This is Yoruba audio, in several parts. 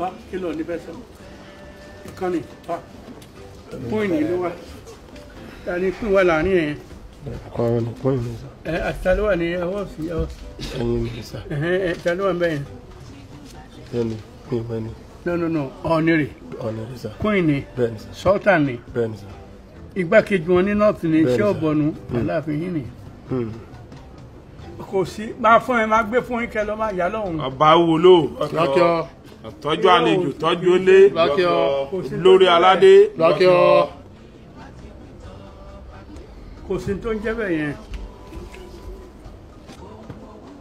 wa kìlọ̀ níbẹ̀ sọ ìkànnì wa pọ́ìnì ló wà ta ni pín wà láàrin yẹn. kọ́ọ̀rọ̀ ni pọ́ìnì ni sọ. ẹ àtàlọ́ wà ní ọwọ́ sí ọ. ẹyin ni sà. ẹ àtàlọ́ wà bẹ́ẹ̀. bẹ́ẹ̀ni pín wẹ́n ni. no no no ọ̀nìrì. ọ̀nìrì sà. pọ́ìnì bẹ́ẹ̀ni sà. sultan ni. bẹ́ẹ̀ni sà. igbákejì wọn ní north ni iṣẹ́ ọ̀bọ̀nù aláàfin yìí ni hmm. hmm. kò sí máa fún ẹ máa gbé fún yín kẹ lọ máa yá lọ́hùn. ọba wo ló. lọ́jọ́ tọ́jú àlejò tọ́jú olé lórí aládé. kò sí tó ń jẹ́ bẹ́ẹ̀ yẹn.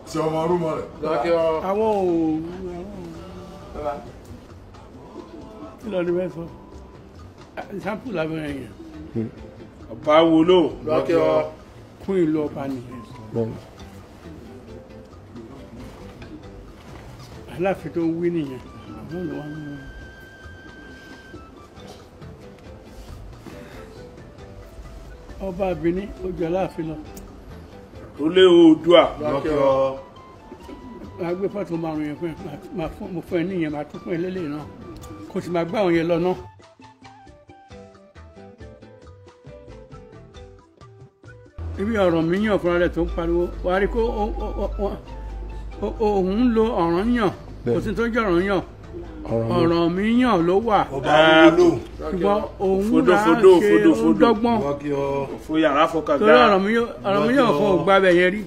ti ọmọ rúmọ rẹ. àwọn ò kí lọ ní bẹ́ẹ̀ sọ sápù lábẹ́rẹ́ yẹn. ọba wo ló. kún ìlú ọba nìyẹn. aláàfin tó ń wí nìyẹn àwọn ìwà ń wí. ọba Benin ó jẹ aláàfin lọ. olè oòdùà lọ́kẹ́ọ́. máa gbé pọ́ọ̀tù márùn yẹn fún ẹ mo fún ẹ níyẹn máa tún fún ẹ lélẹ̀ náà kò sì máa gbá àwọn yẹn lọ náà. ibi ọ̀rọ̀ mi yàn fúnra rẹ̀ tó ń pariwo wàá rí kó òun ń lo ọ̀ràn yàn kò sí tó jọ̀rọ̀ yàn ọ̀rọ̀ mi yàn ló wà ṣùgbọ́n òun là á ṣe ó dọ́gbọ́n torí ọ̀rọ̀ mi yàn fún ògbà bẹ̀ yẹn rí.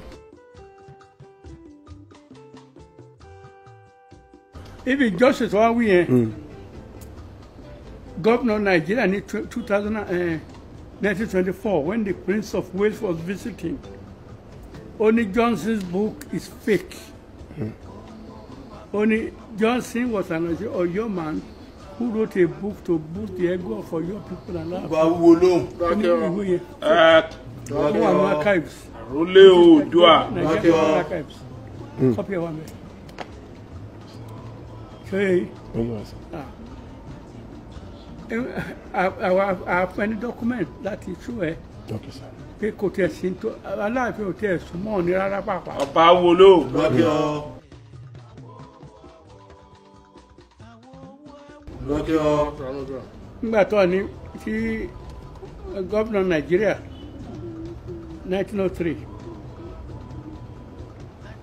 ibi ìjọsìn tó wá wí yẹn hmm. gómìnà nàìjíríà ní two thousand eh, nineteen twenty four when the Prince of Wales was visiting ó ní Johnson's book is fake. Mm. Only Johnson was an Ọ̀yọ́ man who wrote a book to boost the ego of Ọ̀yọ́ people and laugh. Ba wo lóhùn. Dákẹ́ ọ̀. Ìwé yẹn. Dákẹ́ ọ̀. Àwọn archives. Àrólé Oòduà. Dákẹ́ ọ̀. archives. Hmm. Copy ẹ̀ wá mẹ́. Ṣé àwọn ah. àfẹni document láti tú ẹ pé kò tẹ̀ sí aláàfin ò tẹ̀ súnmọ́ ní rárá pàápàá. Ba wo lo. Dákẹ́ ọ̀. lọ́jọ́. nígbà tó ní tí gómìnà nàìjíríà 1903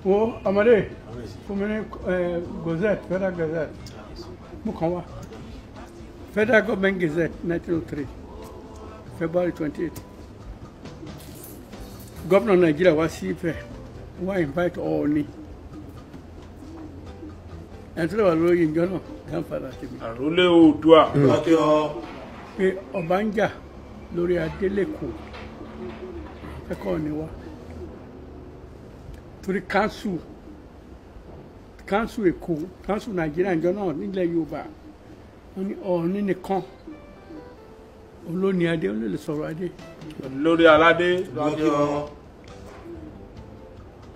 wo ọmọdé fún mi ní gazette federal gazette mú kàn wá federal government gazette 1903 february 28 gómìnà nàìjíríà wá sí Ifẹ̀ wá invite all ni ẹni tó lè wà lórí ìjọ náà grandfather ti mi. àròlé oòdùà. pé ọba ń jà lórí adélèkó ẹ̀kọ́ ni wa torí council council èkó council nàìjíríà ìjọ náà nílẹ̀ yorùbá wọ́n ní ọ̀ọ́ni nìkan olóni adé ó lè sọ̀rọ̀ adé. lórí aládé lọ́jọ́.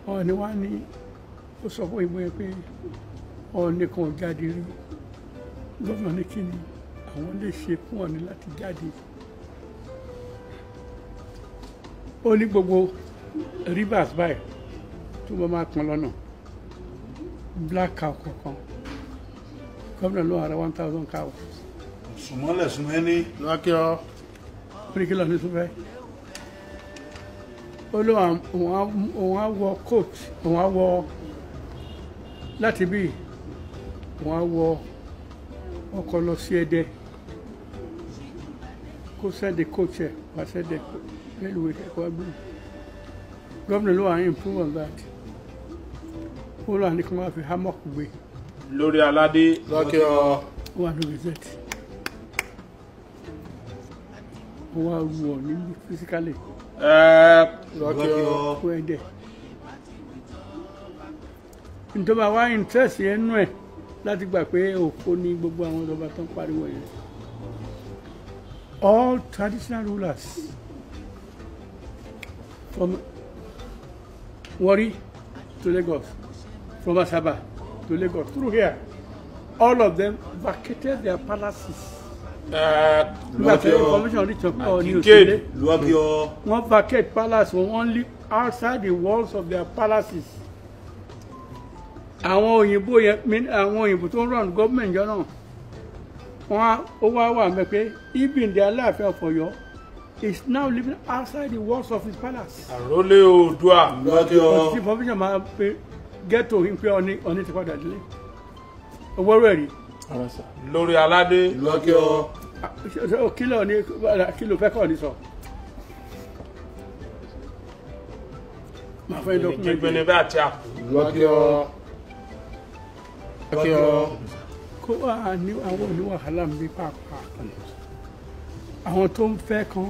ọ̀ọ́ni wa ni ó sọ fún ìmọ̀ yẹn pé ọ̀ọ́nì kan jáde rí gómìnà ní kí ni àwọn lè ṣe fún ọ̀ọ́nì láti jáde ó ní gbogbo rivers báyìí tó bá máa pọn lọ́nà black cow kọ̀ọ̀kan gómìnà ló ara one thousand cow. sùmọ́lẹ̀ sùmọ́ ẹni. lọ́kẹ́ ọ́. píríkì lọ́ni tó fẹ́ ó ló àwọn àwọn wọ coat àwọn wọ láti bíi wọ́n á wọ ọkọ̀ lọ sí Ẹdẹ kó sẹ́dẹ̀ kóòtsẹ̀ wá sẹ́dẹ̀ rélùwé ẹ̀kọ́ abúlé gómìnà ló wà ní improve on that fúlàní kan wá fi hammock gbé. lórí aládé lọ́kẹ́ ọ. ó wà lórí zeti ó wá wù ọ níbi fisikálì. lọ́kẹ́ ọ. ó ẹ̀dẹ̀ ntọ́ba wá interest yẹn nú ẹ̀ láti gbà pé òkú ni gbogbo àwọn ìjọba tó ń pariwo yẹn all traditional rulers from Warri to Lagos from Asaba to Lagos through here all of them vacated their palaces. Uh, nígbà tí information reach up on news today wọ́n vacate palace only outside the walls of their palaces àwọn òyìnbó yẹn àwọn òyìnbó tó ń rọ̀nù gọ́ọ̀mẹ̀ntì yọ náà wọn ó wá wà mẹ́ pé ibn the Aláàfin of Ọ̀yọ́ is now living outside the walls of his palace. àròlé oòdùà lọ́jọ́. ọtí information máa pe get to him pé ọ̀ní ọ̀ní ti padà délé owó rẹ̀ rí. lórí aládé. lọ́jọ́. Ah, kílò ní kílò fẹ́ kọ́ ní sọ. màá fẹ́ dọ́kúmẹ́ntì. ìjẹ́gbẹ́ni bá a ti àpò. lọ́jọ́ ẹ kó àwọn oníwàhálà ń bí pàápàá àwọn tó ń fẹ́ kan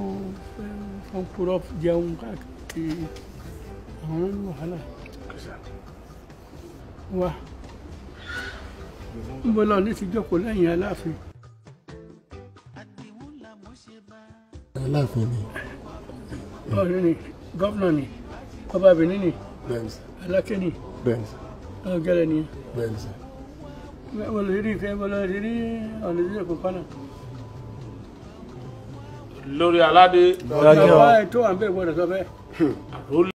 fẹ́ ń jẹun káàkiri àwọn oníwàhálà wà ń bọ́ lọ ní jókòó lẹ́yìn aláàfin. aláàfin ni. ọ̀rẹ́ ni gómìnà ni ọba benin ni alákẹ́ ọ̀gẹ́rẹ́ ni olùrírí ìfẹ́ olùrírí olùrírí òpópónà. lórí aládé. lọ́jọ́ ètò àǹbẹ̀ gbọ́dọ̀ sọ bẹ́ẹ̀.